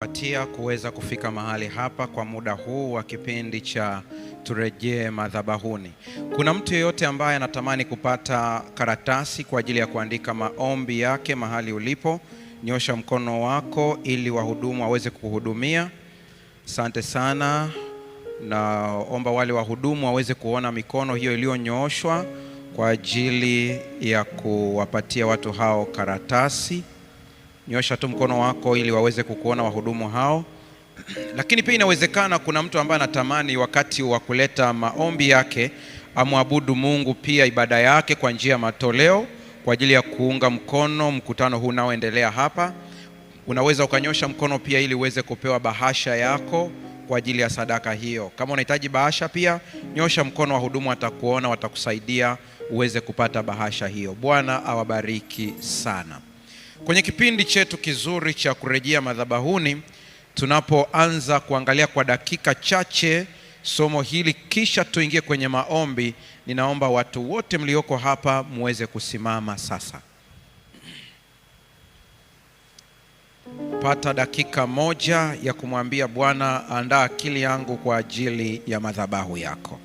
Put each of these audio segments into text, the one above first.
patia kuweza kufika mahali hapa kwa muda huu wa kipindi cha turejee madhabahuni. Kuna mtu yeyote ambaye anatamani kupata karatasi kwa ajili ya kuandika maombi yake mahali ulipo, nyosha mkono wako ili wahudumu waweze kuhudumia. Asante sana. Naomba wale wahudumu waweze kuona mikono hiyo iliyonyooshwa kwa ajili ya kuwapatia watu hao karatasi nyosha tu mkono wako ili waweze kukuona wahudumu hao. Lakini pia inawezekana kuna mtu ambaye anatamani wakati wa kuleta maombi yake amwabudu Mungu pia ibada yake kwa njia ya matoleo kwa ajili ya kuunga mkono mkutano huu unaoendelea hapa. Unaweza ukanyosha mkono pia ili uweze kupewa bahasha yako kwa ajili ya sadaka hiyo. Kama unahitaji bahasha pia nyosha mkono, wahudumu watakuona, watakusaidia uweze kupata bahasha hiyo. Bwana awabariki sana. Kwenye kipindi chetu kizuri cha kurejea madhabahuni, tunapoanza kuangalia kwa dakika chache somo hili kisha tuingie kwenye maombi, ninaomba watu wote mlioko hapa muweze kusimama sasa. Pata dakika moja ya kumwambia Bwana, andaa akili yangu kwa ajili ya madhabahu yako.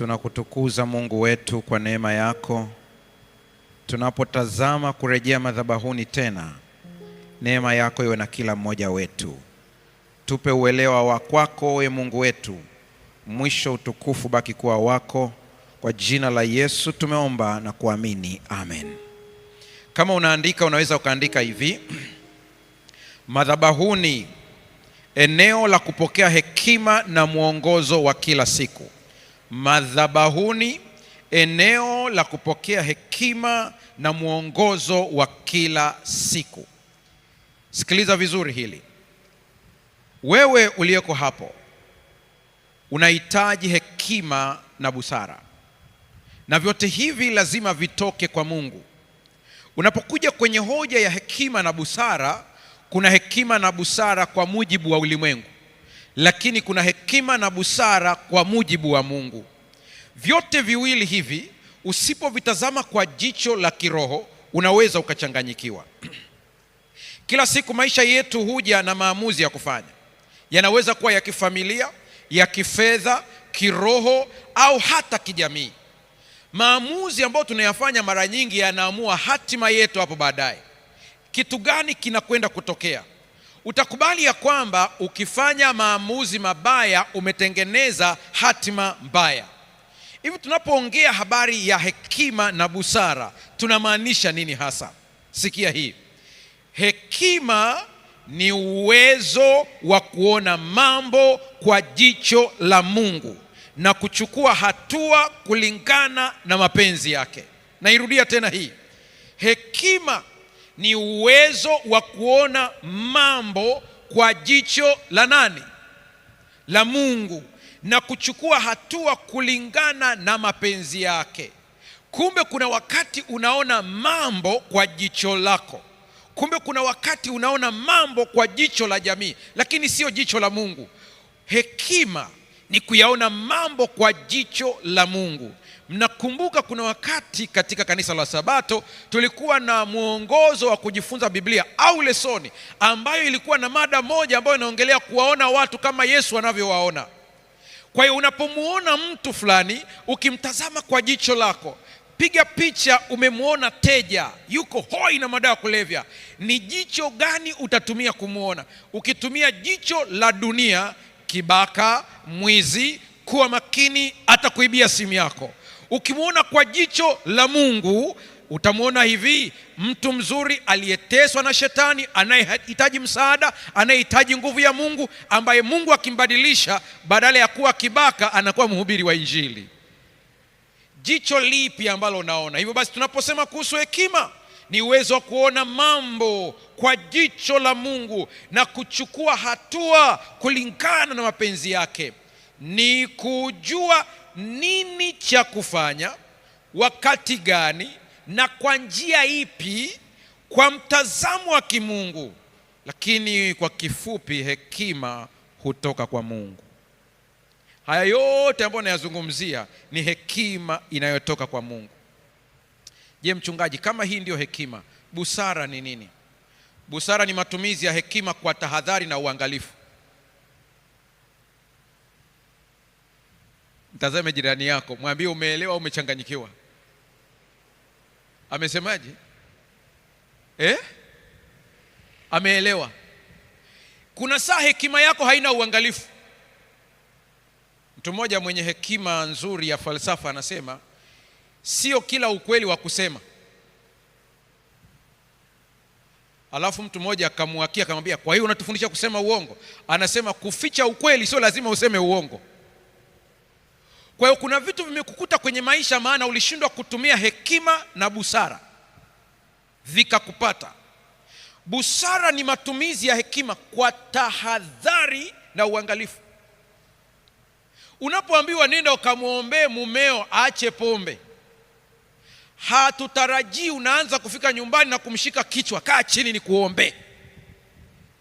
Tunakutukuza Mungu wetu kwa neema yako. Tunapotazama kurejea madhabahuni tena, neema yako iwe na kila mmoja wetu. Tupe uelewa wa kwako, we Mungu wetu. Mwisho utukufu baki kuwa wako. Kwa jina la Yesu tumeomba na kuamini, amen. Kama unaandika unaweza ukaandika hivi: madhabahuni, eneo la kupokea hekima na mwongozo wa kila siku madhabahuni, eneo la kupokea hekima na mwongozo wa kila siku. Sikiliza vizuri hili, wewe uliyeko hapo unahitaji hekima na busara, na vyote hivi lazima vitoke kwa Mungu. Unapokuja kwenye hoja ya hekima na busara, kuna hekima na busara kwa mujibu wa ulimwengu lakini kuna hekima na busara kwa mujibu wa Mungu. Vyote viwili hivi usipovitazama kwa jicho la kiroho unaweza ukachanganyikiwa. Kila siku maisha yetu huja na maamuzi ya kufanya, yanaweza kuwa ya kifamilia, ya kifedha, kiroho au hata kijamii. Maamuzi ambayo tunayafanya mara nyingi yanaamua hatima yetu hapo baadaye. Kitu gani kinakwenda kutokea? utakubali ya kwamba ukifanya maamuzi mabaya umetengeneza hatima mbaya. Hivi tunapoongea habari ya hekima na busara tunamaanisha nini hasa? Sikia hii, hekima ni uwezo wa kuona mambo kwa jicho la Mungu na kuchukua hatua kulingana na mapenzi yake. Nairudia tena hii, hekima ni uwezo wa kuona mambo kwa jicho la nani? La Mungu, na kuchukua hatua kulingana na mapenzi yake. Kumbe kuna wakati unaona mambo kwa jicho lako. Kumbe kuna wakati unaona mambo kwa jicho la jamii, lakini sio jicho la Mungu. Hekima ni kuyaona mambo kwa jicho la Mungu mnakumbuka kuna wakati katika kanisa la sabato tulikuwa na mwongozo wa kujifunza biblia au lesoni ambayo ilikuwa na mada moja ambayo inaongelea kuwaona watu kama yesu anavyowaona kwa hiyo unapomwona mtu fulani ukimtazama kwa jicho lako piga picha umemwona teja yuko hoi na madawa kulevya ni jicho gani utatumia kumwona ukitumia jicho la dunia kibaka mwizi kuwa makini hata kuibia simu yako ukimwona kwa jicho la Mungu utamwona hivi mtu mzuri aliyeteswa na shetani, anayehitaji msaada, anayehitaji nguvu ya Mungu, ambaye Mungu akimbadilisha, badala ya kuwa kibaka anakuwa mhubiri wa Injili. Jicho lipi ambalo unaona? Hivyo basi tunaposema kuhusu hekima ni uwezo wa kuona mambo kwa jicho la Mungu na kuchukua hatua kulingana na mapenzi yake, ni kujua nini cha kufanya, wakati gani na kwa njia ipi, kwa mtazamo wa kimungu. Lakini kwa kifupi, hekima hutoka kwa Mungu. Haya yote ambayo nayazungumzia ni hekima inayotoka kwa Mungu. Je, mchungaji, kama hii ndiyo hekima, busara ni nini? Busara ni matumizi ya hekima kwa tahadhari na uangalifu. Mtazame jirani yako, mwambie umeelewa au umechanganyikiwa. Amesemaje eh? Ameelewa. Kuna saa hekima yako haina uangalifu. Mtu mmoja mwenye hekima nzuri ya falsafa anasema sio kila ukweli wa kusema. Alafu mtu mmoja akamwakia akamwambia, kwa hiyo unatufundisha kusema uongo? Anasema kuficha ukweli sio lazima useme uongo kwa hiyo kuna vitu vimekukuta kwenye maisha maana ulishindwa kutumia hekima na busara vikakupata busara ni matumizi ya hekima kwa tahadhari na uangalifu unapoambiwa nenda ukamwombee mumeo aache pombe hatutarajii unaanza kufika nyumbani na kumshika kichwa kaa chini ni kuombe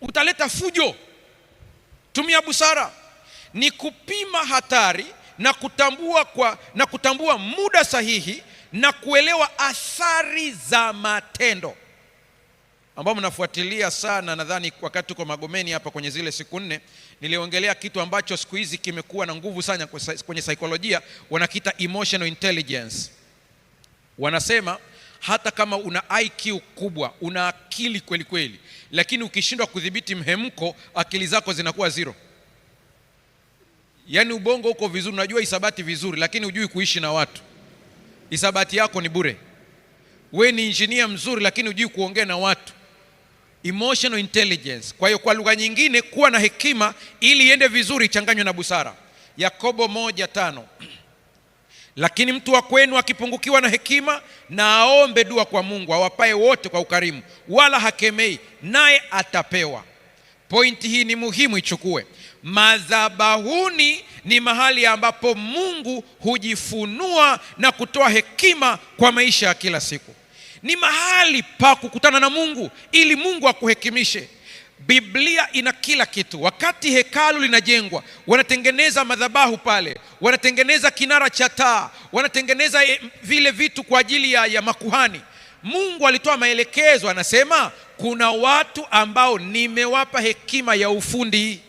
utaleta fujo tumia busara ni kupima hatari na kutambua, kwa, na kutambua muda sahihi na kuelewa athari za matendo ambao mnafuatilia sana. Nadhani wakati tuko Magomeni hapa kwenye zile siku nne, niliongelea kitu ambacho siku hizi kimekuwa na nguvu sana kwenye saikolojia, wanakiita emotional intelligence. Wanasema hata kama una IQ kubwa, una akili kweli kweli, lakini ukishindwa kudhibiti mhemko, akili zako zinakuwa zero. Yaani ubongo uko vizuri, unajua hisabati vizuri, lakini hujui kuishi na watu. Hisabati yako ni bure. We ni injinia mzuri, lakini hujui kuongea na watu. Emotional intelligence. Kwa hiyo kwa lugha nyingine, kuwa na hekima ili iende vizuri, ichanganywe na busara. Yakobo moja tano lakini mtu wa kwenu akipungukiwa na hekima, na aombe dua kwa Mungu awapaye wote kwa ukarimu, wala hakemei, naye atapewa. Pointi hii ni muhimu, ichukue. Madhabahuni ni mahali ambapo Mungu hujifunua na kutoa hekima kwa maisha ya kila siku. Ni mahali pa kukutana na Mungu ili Mungu akuhekimishe. Biblia ina kila kitu. Wakati hekalu linajengwa, wanatengeneza madhabahu pale, wanatengeneza kinara cha taa, wanatengeneza eh, vile vitu kwa ajili ya, ya makuhani. Mungu alitoa maelekezo, anasema kuna watu ambao nimewapa hekima ya ufundi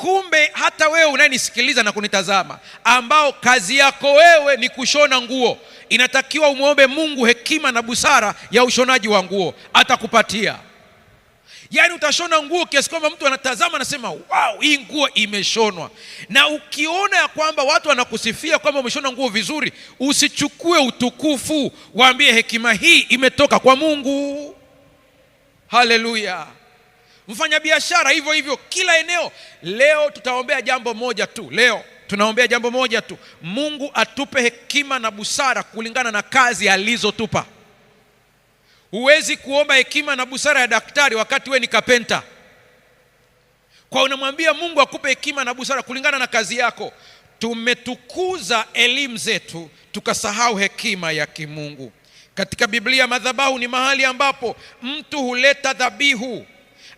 Kumbe hata wewe unayenisikiliza na kunitazama, ambao kazi yako wewe ni kushona nguo, inatakiwa umwombe Mungu hekima na busara ya ushonaji wa nguo, atakupatia. Yaani utashona nguo kiasi kwamba mtu anatazama anasema, wow, hii nguo imeshonwa. Na ukiona ya kwamba watu wanakusifia kwamba umeshona nguo vizuri, usichukue utukufu, waambie hekima hii imetoka kwa Mungu. Haleluya! mfanyabiashara hivyo hivyo, kila eneo. Leo tutaombea jambo moja tu, leo tunaombea jambo moja tu, Mungu atupe hekima na busara kulingana na kazi alizotupa. Huwezi kuomba hekima na busara ya daktari wakati we ni kapenta. Kwa unamwambia Mungu akupe hekima na busara kulingana na kazi yako. Tumetukuza elimu zetu tukasahau hekima ya kimungu. Katika Biblia, madhabahu ni mahali ambapo mtu huleta dhabihu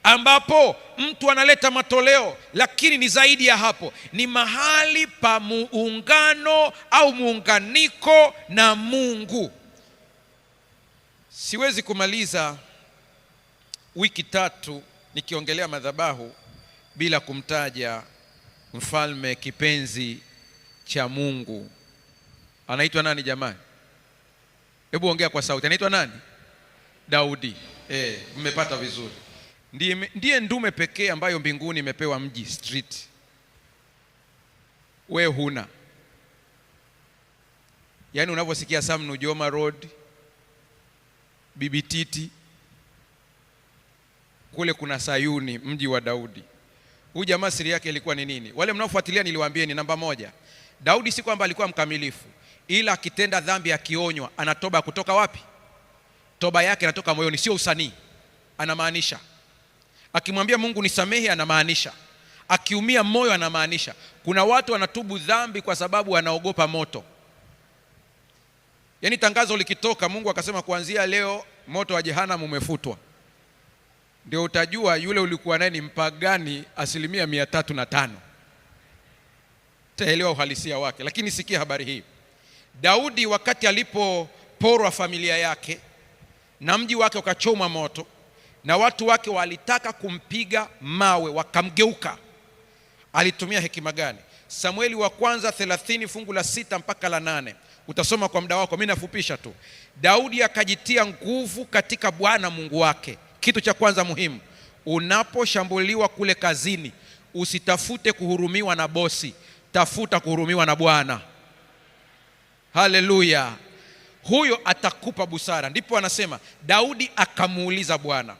ambapo mtu analeta matoleo, lakini ni zaidi ya hapo, ni mahali pa muungano au muunganiko na Mungu. Siwezi kumaliza wiki tatu nikiongelea madhabahu bila kumtaja mfalme kipenzi cha Mungu. Anaitwa nani jamani? Hebu ongea kwa sauti. Anaitwa nani? Daudi. Eh, mmepata vizuri ndiye, ndiye ndume pekee ambayo mbinguni imepewa mji street, we huna. Yaani unavyosikia Sam Nujoma Road, Bibi Titi kule kuna Sayuni, mji wa Daudi. Huyu jamaa siri yake ilikuwa ni nini? Wale mnaofuatilia niliwaambieni, namba moja, Daudi si kwamba alikuwa mkamilifu, ila akitenda dhambi akionywa, anatoba kutoka wapi? Toba yake inatoka moyoni, sio usanii, anamaanisha Akimwambia Mungu nisamehe, anamaanisha. Akiumia moyo, anamaanisha. Kuna watu wanatubu dhambi kwa sababu wanaogopa moto. Yaani tangazo likitoka, Mungu akasema kuanzia leo moto wa jehanamu umefutwa, ndio utajua yule ulikuwa naye ni mpagani asilimia mia tatu na tano taelewa uhalisia wake. Lakini sikia habari hii. Daudi wakati alipoporwa familia yake na mji wake ukachomwa moto na watu wake walitaka kumpiga mawe wakamgeuka. Alitumia hekima gani? Samueli wa kwanza 30 fungu la sita mpaka la nane utasoma kwa muda wako, mimi nafupisha tu. Daudi akajitia nguvu katika Bwana Mungu wake. Kitu cha kwanza muhimu, unaposhambuliwa kule kazini, usitafute kuhurumiwa na bosi, tafuta kuhurumiwa na Bwana. Haleluya, huyo atakupa busara. Ndipo anasema Daudi akamuuliza Bwana,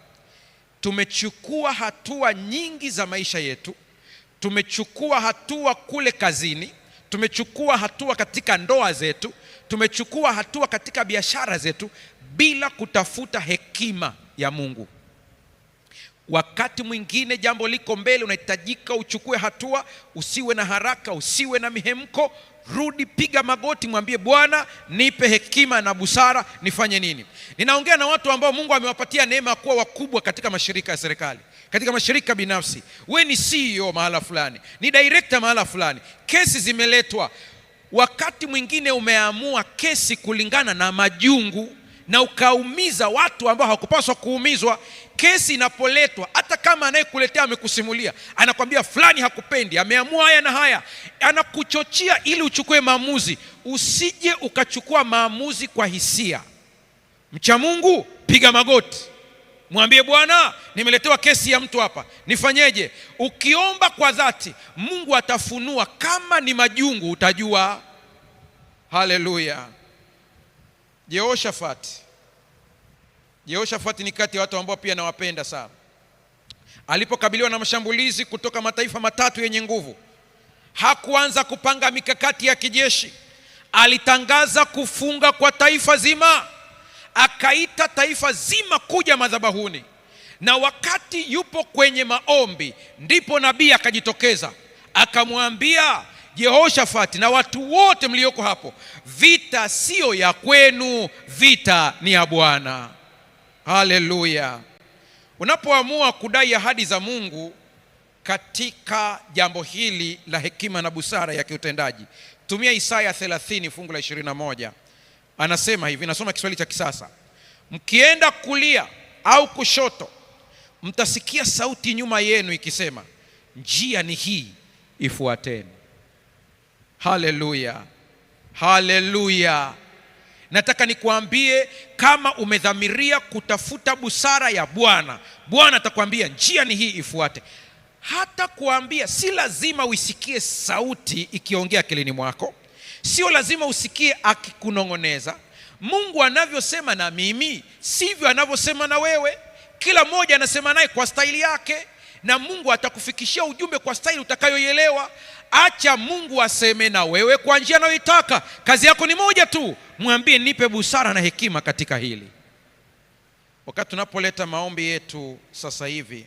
tumechukua hatua nyingi za maisha yetu, tumechukua hatua kule kazini, tumechukua hatua katika ndoa zetu, tumechukua hatua katika biashara zetu bila kutafuta hekima ya Mungu. Wakati mwingine jambo liko mbele, unahitajika uchukue hatua, usiwe na haraka, usiwe na mihemko. Rudi, piga magoti, mwambie Bwana, nipe hekima na busara, nifanye nini? Ninaongea na watu ambao Mungu amewapatia neema ya kuwa wakubwa katika mashirika ya serikali, katika mashirika binafsi. We ni CEO mahala fulani, ni director mahala fulani, kesi zimeletwa. Wakati mwingine umeamua kesi kulingana na majungu na ukaumiza watu ambao hawakupaswa kuumizwa. Kesi inapoletwa, hata kama anayekuletea amekusimulia, anakwambia fulani hakupendi, ameamua haya na haya, anakuchochea ili uchukue maamuzi. Usije ukachukua maamuzi kwa hisia. Mcha Mungu, piga magoti, mwambie Bwana, nimeletewa kesi ya mtu hapa, nifanyeje? Ukiomba kwa dhati, Mungu atafunua. Kama ni majungu, utajua. Haleluya. Jehoshafati Yehoshafati ni kati ya watu ambao pia nawapenda sana. Alipokabiliwa na mashambulizi kutoka mataifa matatu yenye nguvu, hakuanza kupanga mikakati ya kijeshi. Alitangaza kufunga kwa taifa zima, akaita taifa zima kuja madhabahuni, na wakati yupo kwenye maombi, ndipo nabii akajitokeza akamwambia Jehoshafati na watu wote mlioko hapo, vita siyo ya kwenu, vita ni ya Bwana. Haleluya! Unapoamua kudai ahadi za Mungu katika jambo hili la hekima na busara ya kiutendaji, tumia Isaya 30 fungu la 21. Anasema hivi, nasoma Kiswahili cha kisasa: mkienda kulia au kushoto, mtasikia sauti nyuma yenu ikisema, njia ni hii, ifuateni. Haleluya, haleluya! nataka nikuambie, kama umedhamiria kutafuta busara ya Bwana, Bwana atakwambia njia ni hii, ifuate. Hata kuambia si lazima uisikie sauti ikiongea kilini mwako, sio lazima usikie akikunong'oneza. Mungu anavyosema na mimi sivyo anavyosema na wewe. Kila mmoja anasema naye kwa staili yake na Mungu atakufikishia ujumbe kwa staili utakayoielewa. Acha Mungu aseme na wewe kwa njia anayoitaka. Kazi yako ni moja tu, mwambie nipe busara na hekima katika hili. Wakati tunapoleta maombi yetu sasa hivi,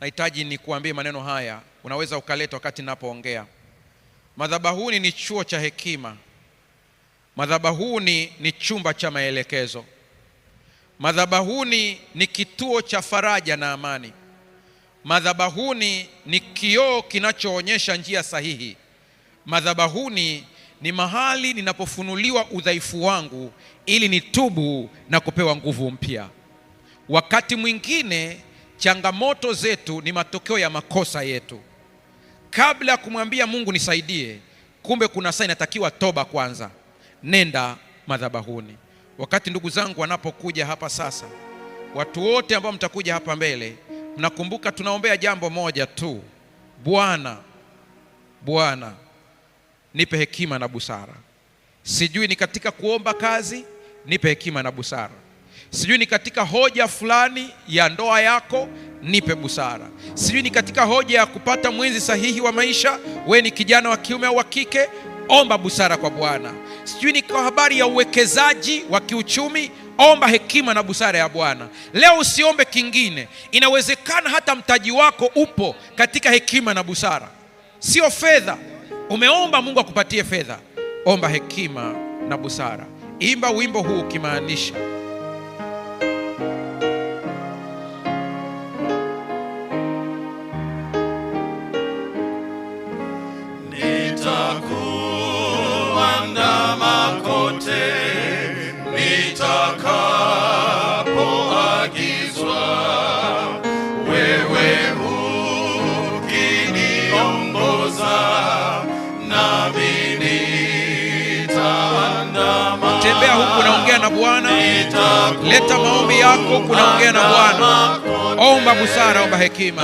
nahitaji nikuambie maneno haya, unaweza ukaleta wakati ninapoongea. Madhabahuni ni chuo cha hekima. Madhabahuni ni chumba cha maelekezo. Madhabahuni ni kituo cha faraja na amani. Madhabahuni ni kioo kinachoonyesha njia sahihi. Madhabahuni ni mahali ninapofunuliwa udhaifu wangu ili nitubu na kupewa nguvu mpya. Wakati mwingine changamoto zetu ni matokeo ya makosa yetu. Kabla ya kumwambia Mungu nisaidie, kumbe kuna saa inatakiwa toba kwanza. Nenda madhabahuni. Wakati ndugu zangu wanapokuja hapa sasa, watu wote ambao mtakuja hapa mbele Mnakumbuka tunaombea jambo moja tu, Bwana, Bwana nipe hekima na busara. Sijui ni katika kuomba kazi, nipe hekima na busara. Sijui ni katika hoja fulani ya ndoa yako, nipe busara. Sijui ni katika hoja ya kupata mwenzi sahihi wa maisha, we ni kijana wa kiume au wa kike, omba busara kwa Bwana. Sijui ni kwa habari ya uwekezaji wa kiuchumi omba hekima na busara ya Bwana. Leo usiombe kingine. Inawezekana hata mtaji wako upo katika hekima na busara, sio fedha. Umeomba Mungu akupatie fedha, omba hekima na busara. Imba wimbo huu ukimaanisha Leta maombi yako, kunaongea na Bwana. Omba busara, omba hekima.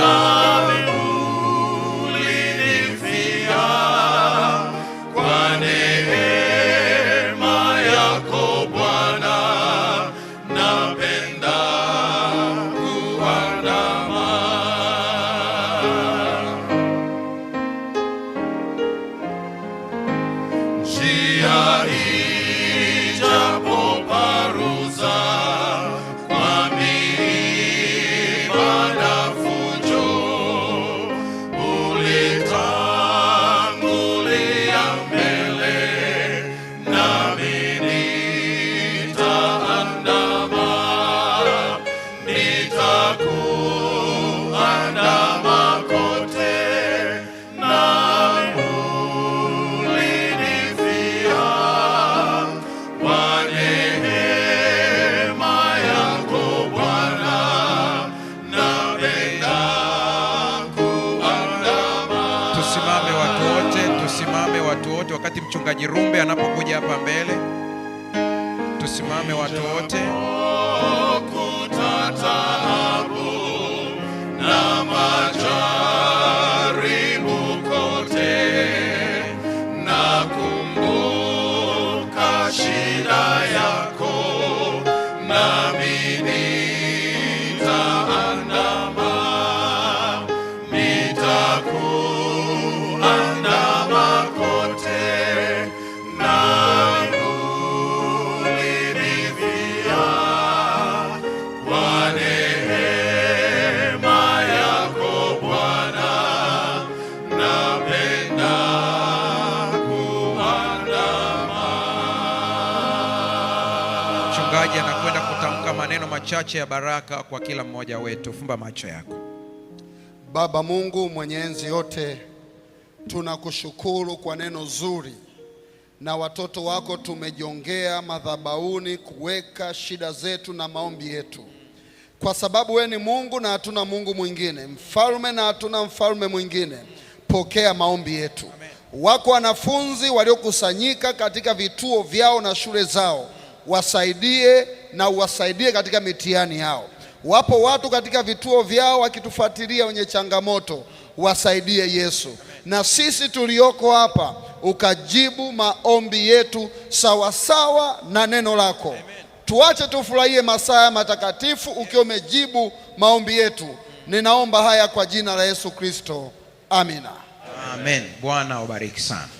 mbele, tusimame watu wote. machache ya baraka kwa kila mmoja wetu. Fumba macho yako. Baba Mungu mwenyezi yote, tunakushukuru kwa neno zuri, na watoto wako tumejongea madhabauni kuweka shida zetu na maombi yetu, kwa sababu we ni Mungu na hatuna Mungu mwingine, mfalme na hatuna mfalme mwingine. Pokea maombi yetu. Amen. Wako wanafunzi waliokusanyika katika vituo vyao na shule zao, wasaidie na uwasaidie katika mitihani yao. Wapo watu katika vituo vyao wakitufuatilia wenye changamoto, wasaidie Yesu, na sisi tulioko hapa ukajibu maombi yetu sawasawa na neno lako. Tuache tufurahie masaa ya matakatifu ukiwa umejibu maombi yetu. Ninaomba haya kwa jina la Yesu Kristo, amina. Amen. Bwana ubariki sana.